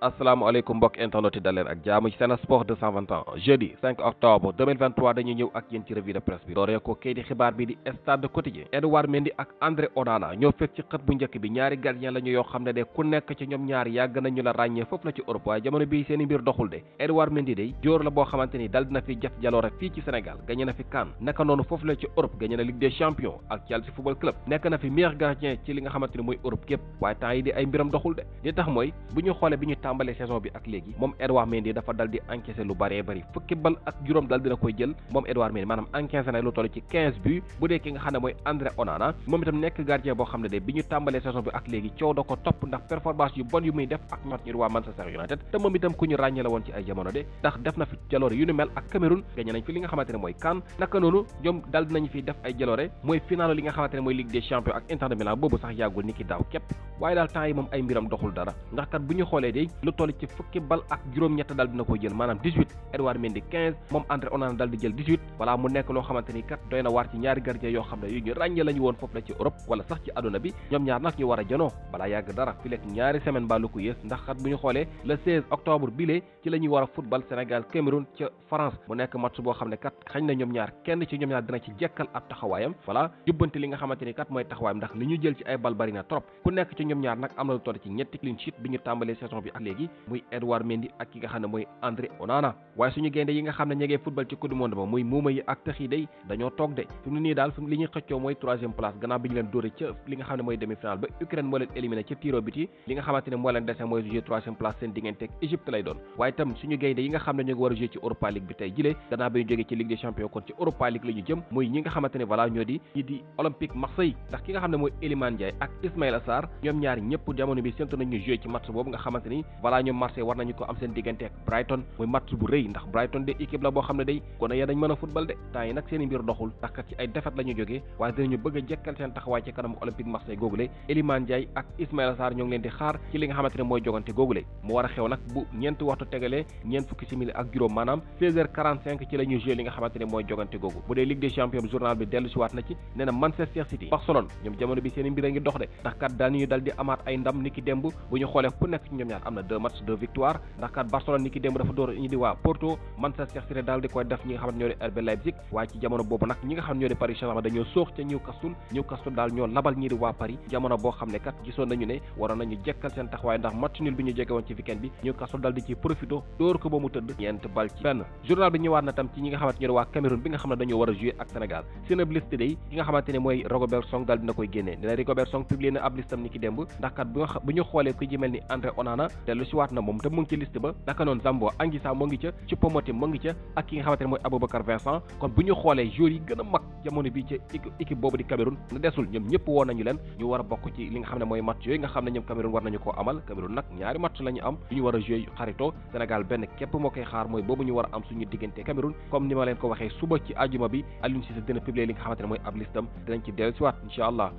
asalaamaaleykum mbokk internet yi daleen ak jaamu ci Sen Sport 221 jeudi 5 octobre 2023 dañuy ñëw ak yéen ci revue de presse bi dooree ko kay di xibaar bi di stade quotidien Edouard Mendy ak André Onana ñoo fekk ci xët bu njëkk bi ñaari gardien la yoo xam ne de ku nekk ci ñoom ñaar yàgg nañu la ràññee foofu la ci Europe waaye jamono bii seen mbir doxul de Edouard Mendy de jóor la boo xamante ni dal fi jaf jaloore fii ci Sénégal tambalé saison bi ak légui Mom Edouard Mendy dafa daldi di encaissé lu bari bari fukki bal ak juróom daldi dina koy jël mom Edouard Mendy manam encaissé na lu tollu ci 15 buts bu dee ki nga xamné moy André Onana Mom itam nek gardien bo xamné dé de tambalé saison bi ak légui ciow dako top ndax performance yu bon yu muy def ak match ni roi Manchester United té mom itam ku ñu la won ci ay jamono dé ndax def na fi jaloore yu ñu mel ak Cameroun gagné nañ fi li nga moy kan naka nonu ñom dal nañ fi def ay jaloore Moy final li nga xamante moy Ligue des Champions ak Inter de Milan bobu sax yagul ni ki time mom waaye daal temps yi mom ay mbiram doxul dara ndax kat buñu xolé lu toll ci fukki bal ak juroom ñett dal dina ko jël manam 18 Edouard Mendy 15 mom André Onana dal di jël 18 wala mu nekk lo xamanteni kat doyna war ci ñaari gardien yo xamne yu ñu ràññe lañu won foofu la ci Europe wala sax ci aduna bi ñom ñaar nak ñu wara jëno bala yag dara fi lek ñaari semaine ba lu ko yées ndax xat buñu xolé le 16 octobre bile ci lañu wara football Sénégal Cameroun ci France mu nekk match bo xamne kat xañ na ñom ñaar kenn ci ñom ñaar dina ci jekkal ab taxawayam wala jubanti li nga xamanteni kat moy taxawayam ndax li ñu jël ci ay bal bari na trop ku nekk ci ñom ñaar nak am na lu toll ci ñetti clean sheet bi ñu saison bi ak legi muy Edouard Mendy ak ki nga xamne ne André Onana way suñu gënde yi nga xamne ne football ci coupe du monde ba muy muuma yi ak tëx yi day dañoo tok de fu mu ne nii daal fi li ñuy xëccoo mooy place gëna biñu leen dóore ci li nga xamne moy demi finale ba Ukraine mo leen éliminer ci tiro biti li nga xamante ne moo leen déssé moy jouer 3e place seen digënté ak Égypte lay doon way tam suñu gënde yi nga xamne ne ñu ngi jouer ci Europa League bi tay jilé gannaaw bi ñu ci Ligue des Champions kon ci Europa League lañu jëm muy ñi nga xamante ne voilà ñoo di di Olympique Marseille ndax ki nga xamne moy mooy Iliman Ndiaye ak Ismaïla Sarr ñom ñaar ñëpp jamono bi sentu nañu jouer ci match bobu nga xamante ni balaa ñu marché war nañu ko am seen diggante ak Brighton muy match bu rëy ndax Brighton de équipe la boo xam ne day kon ya dañ mën a de temps nag seen mbir doxul ndax ci ay défaite la ñu waaye dinañu bëgg a seen taxawaay ci kanamu Olympique Marseille googule Elimane Ndiaye ak Ismaïla Sarr ñoo ngi leen di xaar ci li nga xamante mooy jogante googule mu war a xew nag bu ñeenti waxtu tegalee ñeent fukki simili ak juróom maanaam ci la deux matchs deux victoires ndax kat Barcelone ni démb dafa door ñi di waa Porto Manchester City daal di koy def ñi nga xam ñoo di RB Leipzig waaye ci jamono boobu nag ñi nga xam ñoo di Paris saint dañoo soox ca Newcastle Newcastle daal ñoo labal ñi di waa Paris jamono boo xam ne kat gisoon nañu ne waroon nañu jekkal seen taxawaay ndax match nul bi ñu jege ci weekend bi Newcastle daal di ci profito dóor ko ba mu tëdd ñeent bal ci benn journal bi dellu si waat na moom te mu ci liste ba naka noonu Zambo Anguissa moo ca Choupo-Moting moo ca ak ki nga xamante ne mooy Aboubacar kon bu ñu xoolee joueurs yi gën a mag jamono bi ci équipe boobu di Cameroun na desul ñoom ñëpp woon nañu leen ñu war ñaari match la am yu ñu war a joué xarito Sénégal benn képp moo koy xaar mooy boobu ñu war am suñu diggante Cameroun comme ni ma leen ko waxee suba ci ajuma bi Aliou Cissé dina publier li nga xamante ne mooy ab listam dinañ ci dellu si waat incha allah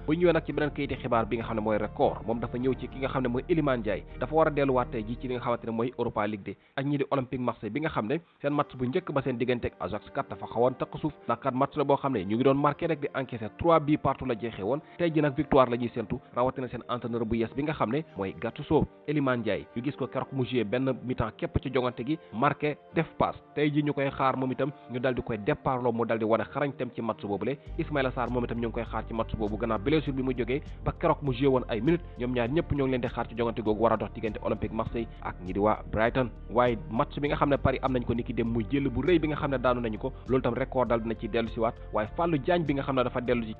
Tegi ji ci li nga xamantene moy Europa League de ak ñi di Olympique Marseille bi nga xamne seen match bu ñëk ba seen digënté ak Ajax kat dafa xawon takk suuf kat match la bo xamne ñu ngi doon marqué rek di encaisser 3 bi partout la jéxé won tay ji nak victoire la sentu rawati na seen entraîneur bu yes bi nga xamne moy Gattuso Eliman Diaye yu gis ko keroog mu joué ben mi-temps képp ci jongante gi marqué def passe tay ji ñukoy xaar mom itam ñu daldi koy départ lo mu daldi di xarañ xarañtem ci match boobule Ismaïla Sarr mom itam ñu koy xaar ci match bobu gëna blessure bi mu joggé ba keroog mu joué won ay minute ñom ñaar ñëpp ñoo ngi leen di xaar ci wara dox digënté Olympique Olympique ak ñi di waa Brighton waaye match bi nga xam ne Paris am nañ ko niki dem muy jël bu rëy bi nga xam ne daanu nañu ko loolu tam record dal dina ci dellu waaye Fallou Diagne bi nga xam ne dafa dellu na ci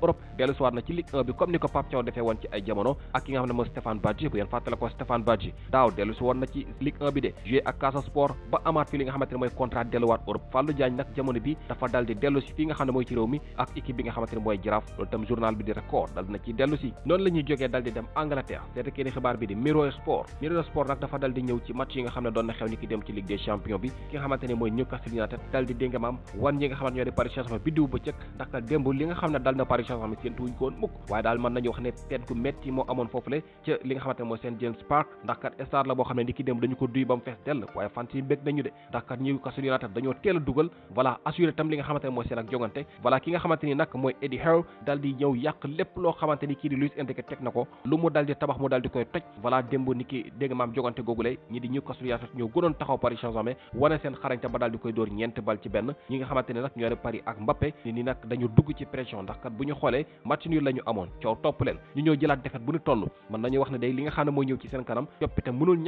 Europe dellu bi de joué ak Casa ba amaat fi li nga xamante ne mooy contrat delluwaat Europe Fallou Diagne nag jamono bi dafa dal dellu si fii nga xam ne mooy jaraaf loolu tam journal bi di record dal na ci dellu noonu la ñuy dal di dem Angleterre seeta kii xibaar bi di Mirror Sport Mirror Sport nag dal di ñëw ci match yi nga xam ne doon na xew ni ki dem ci Ligue des Champions bi ki nga xamante ne mooy Newcastle United dal di déngamaam wan ñi nga xamante ñoo di Paris Saint-Germain biddiw cëkk ndax ka démb li nga xam ne dal na Paris Saint-Germain séentuwuñ ko woon mukk waaye ne mooy seen ak jongante voilà ki nga xamante ni nag mooy Eddie Hearn daal di ñëw yàq lépp loo xamante ni kii di Luis Enrique teg na ko lu mu daal di tabax mu daal di koy toj voilà démb ni ki dégg maam jogante googule ñi nga xamante ne nag ñoo ne Paris ak Mbappé ni ni dañu dugg ci pression ndax kat bu ñu xoolee match nul la amoon coow topp leen ñu ñëw jëlaat defet bu ñu toll mën nañu wax ne day li nga xam ne mooy ñëw ci seen kanam coppite mënul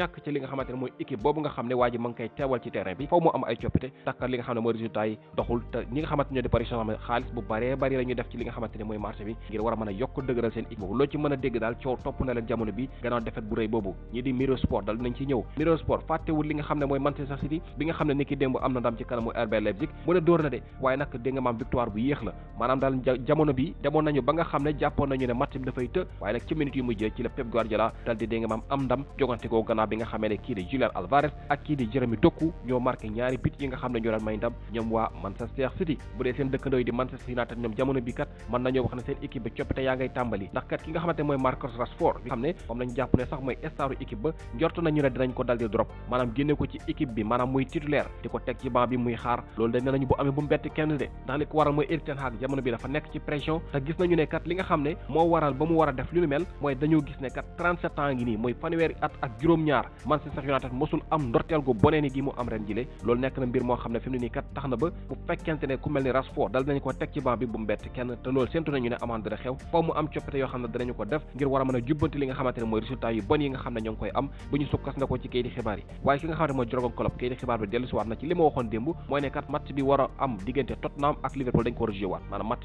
xamantene di Paris Saint-Germain xaalis bu bare bare lañu def ci li nga xamantene moy marché bi ngir war mëna mën deugural seen équipe lo ci mëna a dégg daal coow topp na leen jamono bi gannaaw defet bu rëy bobu ñi di Miro Sport dal nañ ci ñew Miro Sport fàttewul li nga xamne moy Manchester City bi nga xamne niki dembu amna ndam ci moy RB Leipzig mo ne door na de waaye nak dé nga maam victoire bu yeex la manam dal jamono bi demoon nañu ba nga xamne jappo nañu ne match bi fay te waaye nak ci minute yu mujjé ci la Pep Guardiola dal di dé nga maam am ndam jogante ko gannaaw bi nga xamee ne di Julian Alvarez ak ki di Jeremy Doku ñoo marqué ñaari but yi nga xamne ñoo may ndam ñom wa Manchester City bu dee seen dëkkandoo yi di Manchester United ñoom jamono bi kat mën nañoo wax ne seen équipe ba coppite yaa ngay tàmbali ndax kat ki nga xamante mooy Marcus Rashford bi xam ne moom lañ jàpp ne sax mooy staru équipe ba njort nañu ne dinañ ko daldi drop maanaam génne ko ci équipe bi maanaam muy titulaire di ko teg ci banc bi muy xaar loolu dañ nañu bu amee bu mbett kenn de ndax li ko waral mooy Erik ten Hag jamono bi dafa nekk ci pression te gis nañu ne kat li nga xam ne moo waral ba mu war a def lu mel mooy dañoo gis ne kat 37 ans ngi nii mooy fanweeri at ak juróom-ñaar Manchester United mosul am ndorteel gu bonee gi mu am ren jile loolu nekk na mbir moo xam ne fi mu ne kat tax na ba bu fekkente ne ku mel ni Rashford dal dinañ ko teg ci banc bi bu mu kenn te loolu séntu nañu ne amaan dana xew faw mu am coppite yoo xam ne danañu ko def ngir war a mën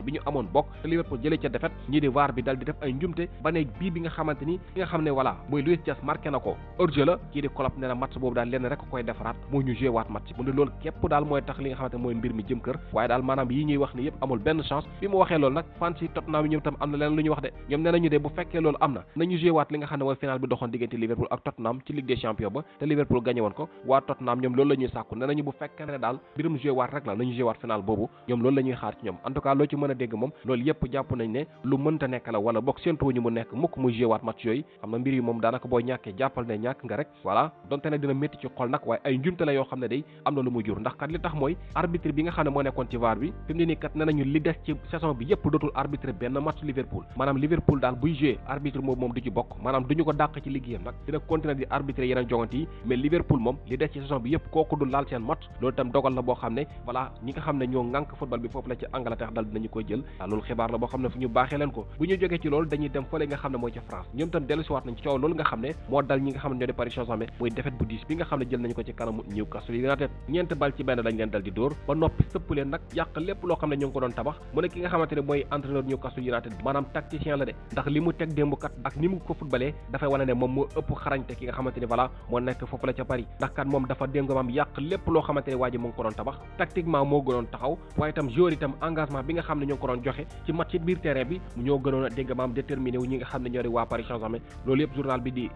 bi ñu amoon bokk te Liverpool jëlee ca défaite ñii di VAR bi dal di def ay njumte ba ne bii bi nga xamante ni ki nga xam ne voilà mooy Luis Diaz marqué na ko hors la kii di Klopp nee na match boobu daal lenn rek koy defaraat moo ñu joué waat mu ne loolu képp daal mooy tax li nga xamante ne mooy mbir daal maanaam yi ñuy wax ni yëpp amul benn chance bi mu waxee loolu nag fans Tottenham yi ñoom tam am na lu mu jur ndax kat li tax mooy arbitre bi nga xam ne moo nekkoon ci pouvoir bi nii kat nee nañu li des ci saison bi yëpp dootul arbitré benn match Liverpool maanaam Liverpool daal buy joué arbitre moom du ci bokk maanaam du ñu ko dàq ci liggéeyam nag dina continuer di arbitré yeneen jongante yi mais Liverpool moom li des ci saison bi yëpp kooku du laal seen match loolu itam dogal la boo xam ne voilà ñi nga xam ne ñoo ŋànk football bi foofu la ci Angleterre dal dinañu koy jël loolu xibaar la boo xam ne fu ñu baaxee leen ko bu yàq lépp loo xam ne ñu ngi ko doon tabax mu ne ki nga xamante ne mooy entraîneur Newcastle United maanaam tacticien la de ndax li mu teg démb kat ak ni mu ko footballé dafay wane ne moom moo ëpp xarañte ki nga xamante ne voilà moo nekk foofu la ca Paris ndax kat moom dafa déngoomam yàq lépp loo xamante ne waa ji mu ngi ko doon tabax tactiquement moo gënoon taxaw waaye itam joueur itam engagement bi nga xam ne ñu ngi ko doon joxe ci match ci biir terrain bi ñoo gënoon a déngoomam déterminé wu ñi nga xam ne ñoori waa Paris Saint-Germain loolu yëpp journal bi di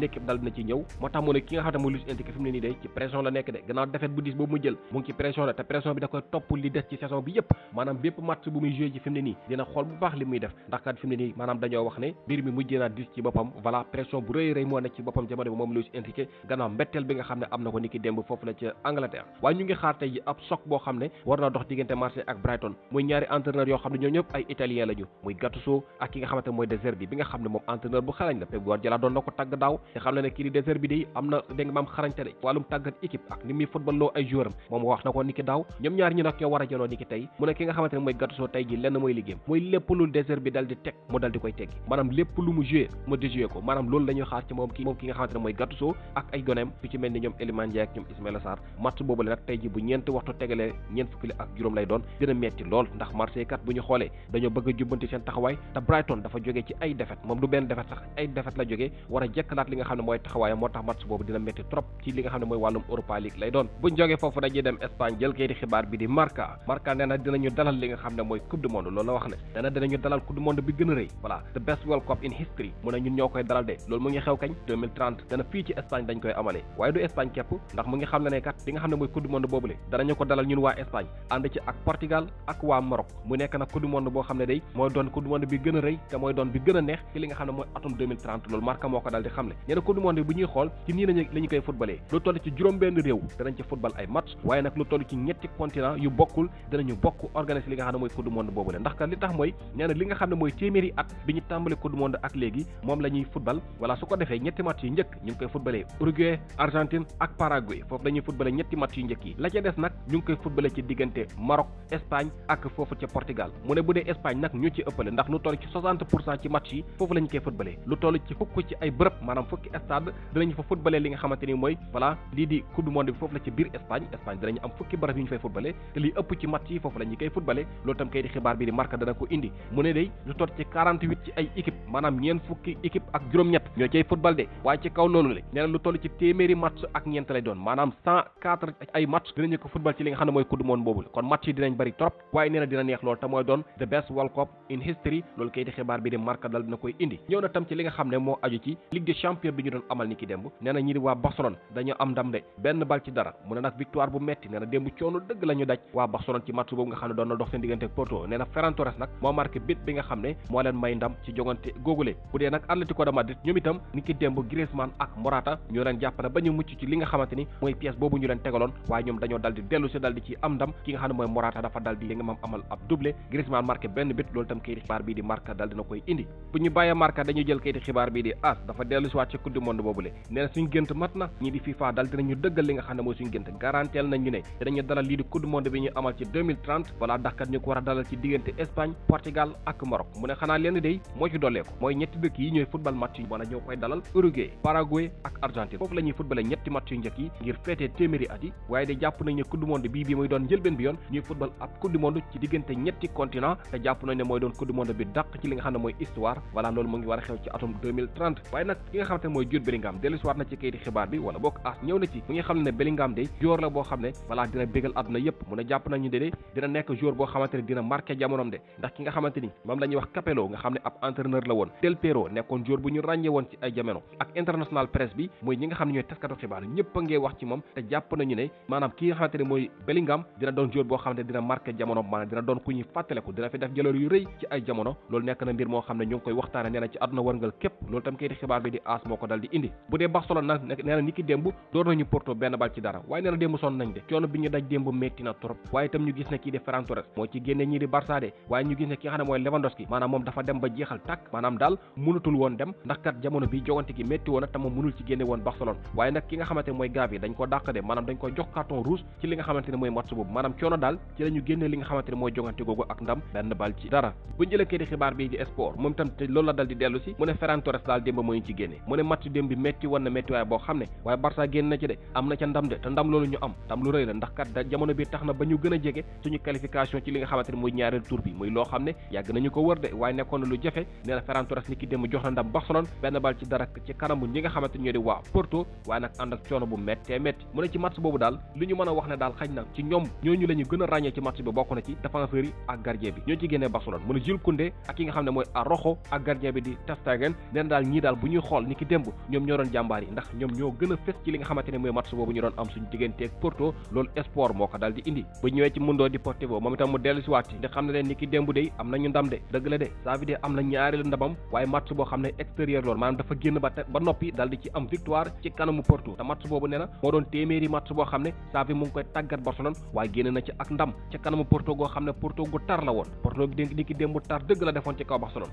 l'équipe dal na ci ñëw moo tax mu ne ki nga xam ne mooy Luis Enrique fi mu ne ci pression la nekk de gannaaw defet bu dis boobu mu jël mu ngi ci pression la te pression bi da koy topp def ci saison bi yépp manam bépp match bu muy jouer ci fi ni dina xol bu baax limuy def ndax kat fi ni manam dañu wax ne bir mi mujjee naa dis ci bopam voilà pression bu reuy reuy mo nek ci bopam jamono bi lu ci Enrique ganna mbettel bi nga xam amna ko niki demb fofu la ci Angleterre wa ñu ngi xaar tey ab sok bo xam war na dox digënté Marseille ak Brighton muy ñaari entraîneur yo xam ñoo ñëpp ay italien lañu muy Gattuso ak ki nga xamante moy De Zerbi bi nga xam mom entraîneur bu xalañ la Pep Guardiola doon nako tag tàgg daaw te xam ne ki di De Zerbi day amna na mam xarañ xarañte de wàllum équipe ak ni football lo ay joueur mom wax nako niki daaw ñom ñaar ñi nak ñoo war rajaloo ni ki tey mu ne ki nga xamante ne mooy Gattuso tey ji lenn mooy liggéeyam mooy lépp lu bi dal di teg mu dal di koy teggi maanaam lépp lu mu joué mu déjoué ko maanaam loolu la xaar ci moom ki nga xamante ne mooy Gattuso ak ay goneem su ci mel ni ñoom Iliman Ndiaye ak ñoom Ismaïla Sarr match boobule nag tey ji bu ñeenti waxtu tegalee ñeent fukki ak juróom lay doon dina metti lool ndax Marseille bu ñu xoolee dañoo bëgg a voilà Marca nee na dalal li nga xam ne mooy coupe du monde loolu la wax ne nee na dinañu dalal coupe de monde bi gën rëy te mooy doon bi gën neex ci li nga xam ne mooy atum loolu Marca moo ko daal xam ne nee na coupe monde bi ñuy xool ci nii lañu koy footballé lu toll ci juróom benn réew danañ ci football ay match waaye nag lu toll ci ñetti continent yu bokkul teewul dinañu bokk organiser li nga xam ne mooy coupe monde boobu la ndax li tax mooy nee li nga xam ne mooy téeméeri at bi ñu tàmbali coupe monde ak léegi moom la ñuy football su ko defee ñetti match yu njëkk ñu ngi koy footballé Uruguay Argentine ak Paraguay foofu la ñuy ñetti match yu njëkk yi la ca des nag ñu ngi koy footballé ci diggante Maroc Espagne ak foofu ca Portugal mu ne bu Espagne nag ñu ci ëppale ndax lu toll ci ci match ëpp ci match yi foofu la ñu koy loolu tam kay di xibaar bi di marque dana ko indi mu ne day lu tot ci 48 ci ay équipe maanaam ñeen fukki équipe ak juróom-ñett ñoo cay football de waaye ci kaw loolu le nee na lu toll ci téeméeri match ak ñeent lay doon maanaam ay match dinañu ko football ci li nga xam ne mooy coupe du monde la kon match yi dinañ bëri trop waaye nee na dina neex loolu te mooy doon the best world cup in history loolu kay sonon ci match bobu nga xamne doona dox sen diggante ak Porto néna Ferran Torres nak mo marqué bit bi nga xamne mo moo leen may ndam ci jogonté gogulé bu nak nag Atletico de Madrid ñom itam ni ki Griezmann ak Morata nyoran leen jappalé ba ñu mucc ci li nga xamanteni moy pièce nyom ñu leen tégalon way ñom dañoo daldi déllu ci daldi ci am ndam ki nga xamne moy Morata dafa daldi li nga mam amal ab doublé Griezmann marqué benn bit loolu tam kayiti xibar bi di marqué daldi nakoy indi bu ñu bàyyee Marca jël xibar bi di AS dafa déllu ci wat ci coupe du monde bobulé néna suñu gënt matna ñi di FIFA daldi nañu dëggal li nga xamne ne suñu gënt garanteel nañ né dañu dara li di coupe du monde bi ñu amal ci 2030 balaa ndax kat ñu ko war a dalal ci diggante Espagne Portugal ak Maroc mu ne xanaa lenn day moo ci dolleeku mooy ñetti dëkk yi ñooy football match yu ñoo koy dalal Uruguay Paraguay ak Argentine foofu la ñuy footballé ñetti match njëkk yi ngir féetee téeméeri at waaye de jàpp nañ ne coupe du monde bii bii doon njëlbeen bi yoon ñuy football ab coupe ci diggante ñetti continent te jàpp nañ ne mooy doon coupe bi dàq ci li nga xam ne mooy histoire a xew ci atum 2030 waaye nag ki ñu dédé dina nek joueur bo xamanteni dina marqué jamonom de ndax ki nga xamanteni mom lañuy wax capello nga xamné ab entraîneur la won del pero nekkon joueur bu ñu rañé won ci ay jamono ak international press bi moy ñi nga xamni ñoy taskato xibaar ñepp nga wax ci mom té japp nañu né manam ki nga xamanteni moy bellingham dina don joueur bo xamanteni dina marqué jamono man dina don ku ñuy ko dina fi def jëlor yu reuy ci ay jamono lool nekk na mbir mo xamné ñu koy waxtaane néna ci aduna wërngal képp lool tam di xibaar bi di as moko dal di indi bu dé barcelona niki dembu door nañu porto ben bal ci dara way néna dembu son nañ de coono bi ñu daj dembu metti na trop waaye ndax ki nga xamante ne mooy Gavi dañ ko dàq de maanaam dañ ko jox carton rouge ci li nga xamante ne mooy match boobu coono daal ci la ñu li nga xamante ne mooy jogante googu ak ndam benn bal ci dara bu ñu di xibaar bi di sport moom itam te loolu la dal di dellu mu ne Ferran daal démb mooy ci génne mu ne match démb bi waaye boo xam ne waaye Barça génn na ci de am na ca ndam de te ndam loolu ñu am ndam lu rëy la ndax gëna jégé suñu qualification ci li nga xamanteni moy ñaarël tour bi moy lo xamné yag nañu ko wër dé way nekkon lu jafé la Ferran Torres niki dem jox na ndam Barcelone ben bal ci dara ci kanamu ñi nga xamanteni ñoo di wa Porto way nak and ak ciono bu metté metti mu né ci match bobu dal lu ñu mëna wax né dal xagna ci ñom ñu lañu gëna rañé ci match bi bokku na ci défenseur yi ak gardien bi ñoo ci gëné Barcelone mu né Jules Koundé ak ki nga xamné moy Arrojo ak gardien bi di Ter Stegen né dal ñi dal bu ñuy xol niki dem ñom ñoo doon jambar yi ndax ñom ñoo gëna fess ci li nga xamanteni moy match bobu ñu doon am suñu digënté ak Porto lool espoir moko dal di indi bu ñu ñëwee ci mundoo di Portivo moom itam mu dellu si waat ci xam ne leen ni ki démb de am nañu ndam de dëgg la de ça veut am na ñaareelu ndamam waaye match boo xam ne extérieur loolu maanaam dafa génn ba noppi dal di ci am victoire ci kanamu Porto te match boobu nee na moo doon téeméeri match boo xam ne Xavi mu ngi koy tàggat Barcelone waaye génn na ci ak ndam ci kanamu Porto goo xam ne Porto gu tar la woon Porto bi dénk ni ki démb tar dëgg la defoon ci kaw Barcelone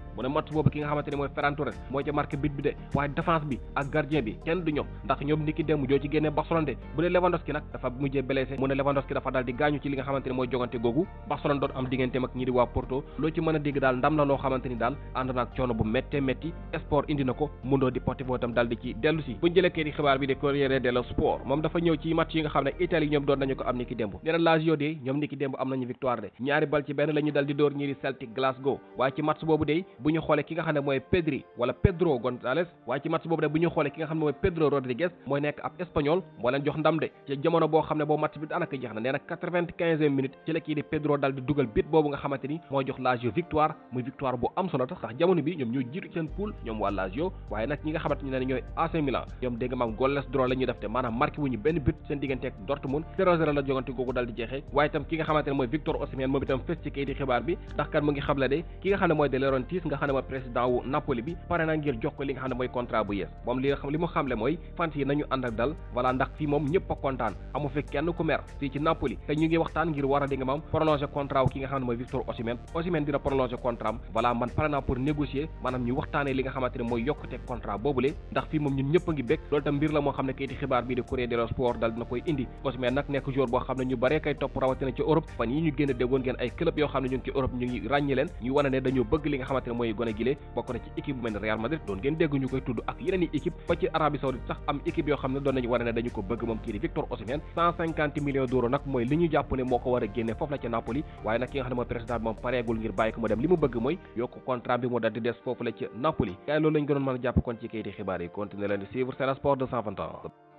nga xamanteni moy jogante gogu Barcelona doon am digënté mak ñi di wa porto lo ci mëna dégg dal ndam la lo xamanteni dal and nak ciono bu metté metti sport indi nako mundo di tam dal di ci delu ci buñu jëlé kër xibaar bi de corriere dello sport mom dafa ñëw ci match yi nga xamné Italy ñom doon nañu ko am niki dembu lazio de ñom niki dembu am nañu victoire de ñaari bal ci benn lañu dal di door ñi di celtic glasgow wa ci match bobu de buñu xolé ki nga xamné moy pedri wala pedro gonzalez wa ci match bobu de buñu xolé ki nga xamné moy pedro rodriguez moy nek ab espagnol mo leen jox ndam de ci jamono bo xamné bo match bi jeex na néna 95 15e minute ci la kii di Pedro dal di dugal bit boobu nga xamante ni moo jox Lazio victoire muy victoire bu am solo tax ndax jamono bi ñoom ñoo jiitu seen pool ñoom waa Lazio waaye nag ñi nga xamante ni ne ñooy AC Milan ñoom dégg am goalless draw la ñuy def te maanaam marqué wuñu benn but seen diggante ak Dortmund 0-0 la jogante googu dal di jeexee waaye tam ki nga xamante ne mooy Victor Osimhen moom itam fës ci kayiti xibaar bi ndax kan mu ngi la de ki nga xam ne mooy De Laurentiis nga xam ne mooy président wu Napoli bi pare na ngir jox ko li nga xam ne mooy contrat bu yees moom li xam li mu xamle mooy fans yi nañu ànd ak dal wala ndax fii moom ñëpp a kontaan amu fi kenn ku mer fii ci Napoli te ñu ngi waxtaan waxtaan ngir war a dégg maam prolonger contrat ki nga xam ne mooy Victor Osimhen Osimhen dina prolonger contrat am voilà man pare naa pour négocier maanaam ñu waxtaanee li nga xamante ne mooy yokkute contrat boobule ndax fii moom ñun ñëpp a ngi bég loolu tam mbir la moo xam ne kayiti xibaar bii di de dello Sport dal dina koy indi Osimhen nag nekk joueur boo xam ne ñu bare kay topp rawatina ci Europe fan yi ñu génn déggoon ngeen ay club yoo xam ne ñu ci Europe ñu ngi ràññi leen ñu wane ne dañoo bëgg li nga xamante ne mooy gone gile bokk na ci équipe bu mel Real Madrid doon ngeen dégg ñu koy ak yeneen équipe ba ci Arabie Saoudite sax am équipe yoo xam ne doon nañu wane ne dañu ko bëgg moom kii Victor Osimhen 150 millions d'euros nag mooy li ñu jàpp ne moo ko war a génne foofu la ca Napoli waaye nag ki nga xam ne mooy président bi pareegul ngir bàyyi ko mu dem li mu bëgg mooy yokk contrat bi mu dal des foofu la ca Napoli. gars loolu lañ gënoon a jàpp kon ci kayiti xibaar yi continuer leen di suivre Sen Sports 221